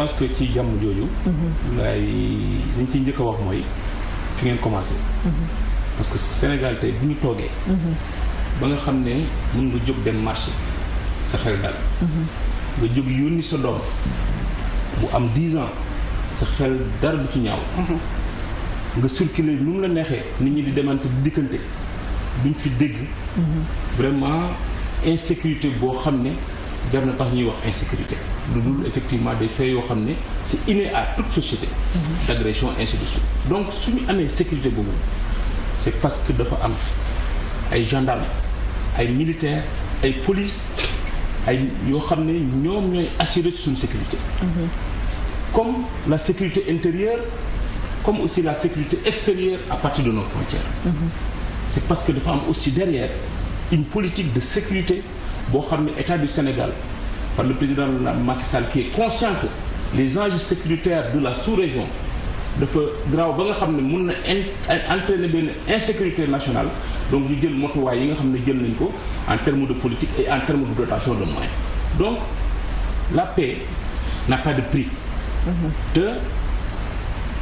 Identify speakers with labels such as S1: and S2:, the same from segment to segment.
S1: pense que ci jàmm jooju. Mhm. laay li ñu ciy njëkk a wax mooy fi ngeen commencé. Mhm. parce que Sénégal tey bu ñu toogee. Mhm. ba nga xam ne mën nga jóg dem marché sa xel dal. nga jóg yónni sa bu am 10 ans sa xel dara du ci ñaaw. nga circuler lu mu la neexee nit ñi di demante dikkante duñ fi dégg. vraiment insécurité boo xam ne. jar na tax ñuy wax insécurité lu dul effectivement des faits yoo xam ne si inné à toute société mm-hmm. d'agression ainsi de suite donc suñu amee sécurité boobu c'est parce que dafa am ay gendarme ay militaire ay police ay yoo xam ne ñoom ñooy assurer suñu sécurité mm-hmm. comme la sécurité intérieure comme aussi la sécurité extérieure à partir de nos frontières mm-hmm. c'est parce que dafa am aussi derrière une politique de sécurité boo xam ne état du Sénégal par le président Macky Sall qui est conscient les enjeux sécuritaires du la sous-région dafa graaw ba nga xam ne mun na entraîner benn insécurité nationale donc ñu jël motuwaay yi nga xam ne jël nañ ko en termes de politique et en termes de dotation de moyens donc la paix n'a pas de prix mm-hmm. te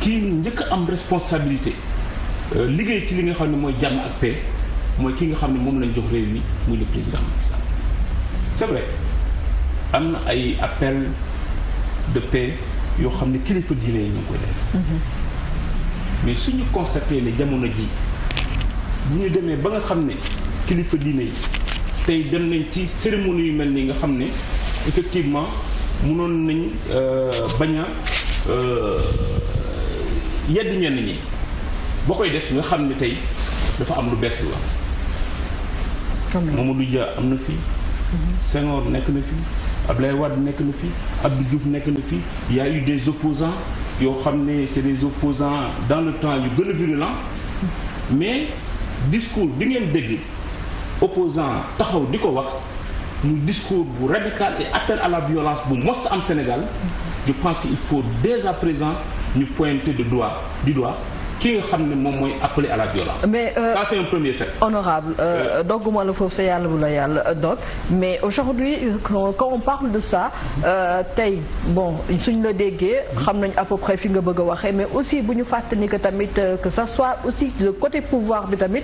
S1: kii njëkk am responsabilité euh, liggéey ci li nga xam ne mooy jàmm ak paix mooy ki nga xam ne moom lañ jox réew mi muy le président Macky c'est am na ay appel de paix yoo xam ne kilifa diine yi ñu ngi koy def mm-hmm. mais suñu constaté ne jamono ji bu ñu demee ba nga xam ne kilifa diine yi tey dem nañ ci cérémonie yu mel nii nga xam ne effectivement mënoon nañ euh, bañ a euh, yedd ñenn ñi boo koy def nga xam ne tey dafa am lu bees lu am Mamadou Dia am na fii Senghor nekk na fi Abdoulaye Wade nekk na fi Abdou Diouf nekk na fi y a des opposants yoo xam ne c'est des opposants dans le temps yu gën a virulent mais discours bi ngeen dégg opposant taxaw di ko wax mu discours bu radical et appel à la violence bu mos am Sénégal je pense il faut dès à présent ñu pointer de doigt du doigt ki nga xam ne moom mooy appelé à la violence. mais euh, ça c'est un premier thème. honorable euh, euh, dogguma la foofu sa yàlla bu la yàlla dog mais aujourd'hui quand on parle de ça euh, tey bon suñ la déggee. xam nañ à peu près fi nga bëgg a waxee mais aussi bu ñu ni que tamit que ça soit aussi le côté pouvoir bi tamit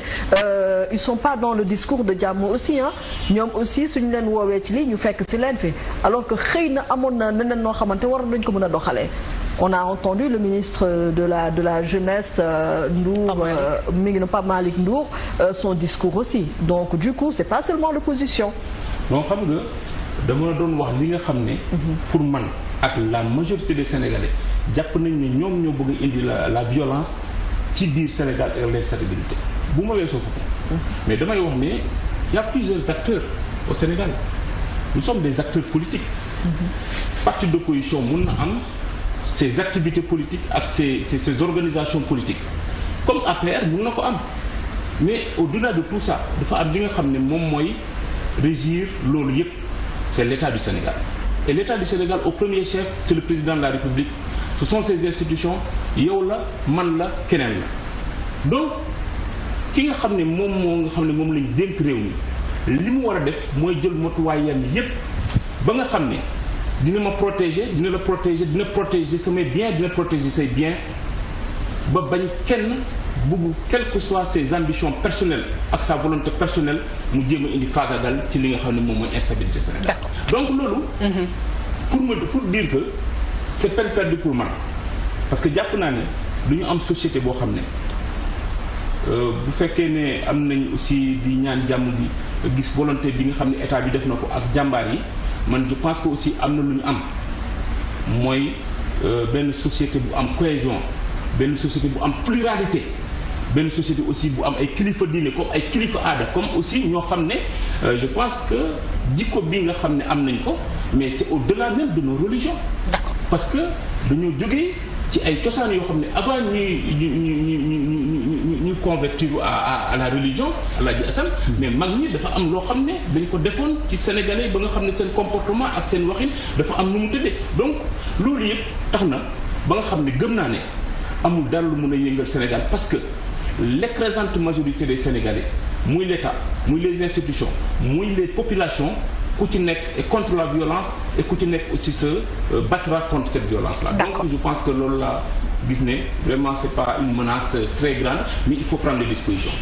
S1: ils sont pas dans le discours de jàmm aussi ah ñoom aussi suñ leen woowee ci lii ñu fekk si leen fi alors que xëy na amoon na neneen noo xamante waroon nañ ko mën a doxalee. on a entendu le ministre de la de la jeunesse euh, Ndour ah euh, mi ngi na Pape Malick Ndour euh, son discours aussi donc du coup c'est pas seulement l'opposition non xam nga dama la doon wax li nga xam ne mhm. pour man ak la majorité des Sénégalais jàpp nañ ne ñoom ñoo bëgg a indi la la violence ci biir Sénégal et l'instabilité bu ma weesoo foofu mhm. mais damay wax ne il plusieurs acteurs au Sénégal nous sommes des acteurs politiques mhm. parti d'opposition mun na am ses activités politiques ak ses ses, ses organisations politiques comme APR mun na ko am mais au-delà de tout ça dafa am li nga xam ne moom mooy régir loolu yëpp c'est l'état du Sénégal et l'état du Sénégal au premier chef c'est le président de la République ce sont ses institutions yow la man la keneen la donc ki nga xam ne moom moo nga xam ne moom lañ dénk réew mi li mu war a def mooy jël matuwaayam yépp ba nga xam ne dina ma protéger dina la protéger dina protéger samay bien dina protéger say bien ba bañ kenn bugg quelles que soient ses ambitions ak sa volonté personnelle mu jéem a indi dal ci li nga xam ne moom mooy instabilité ko donc loolu mhm. pour ma pour dire que c'est peine perdue pour man parce que jàpp naa ne lu ñu am société boo xam ne euh, bu fekkee ne am nañ aussi di ñaan jàmm di gis volonté bi nga xam ne état bi def na ko ak jàmbaar yi man je pense que aussi am na lu ñu am mooy euh, benn société bu am cohésion benn société bu am pluralité benn société aussi bu am ay kilifa diine comme ay kilifa aada comme aussi ñoo xam ne euh, je pense que jikko bi nga xam ne am nañ ko mais c'est au-delà même de nos religions. d'accord parce que dañoo jógee. ci ay cosaan yoo xam ne avant ñuy ñu ñu ñu ñu ñu convertir à à la religion Alaaji Asan mais mag ñi dafa am loo xam ne dañ ko defoon ci sénégalais ba nga xam ne seen comportement ak seen waxin dafa am nu mu tëddee donc loolu yëpp tax na ba nga xam ne gëm naa ne amul dara lu mun a yëngal Sénégal parce que l'écrasante majorité des Sénégalais muy l'État muy les institutions muy les populations ku ci nekk contre la violence et ku ci nekk aussi se euh, battra contre cette violence là. donc je pense que loolu la gis ne vraiment c'est pas une menace très grande mais il faut prendre des dispositions.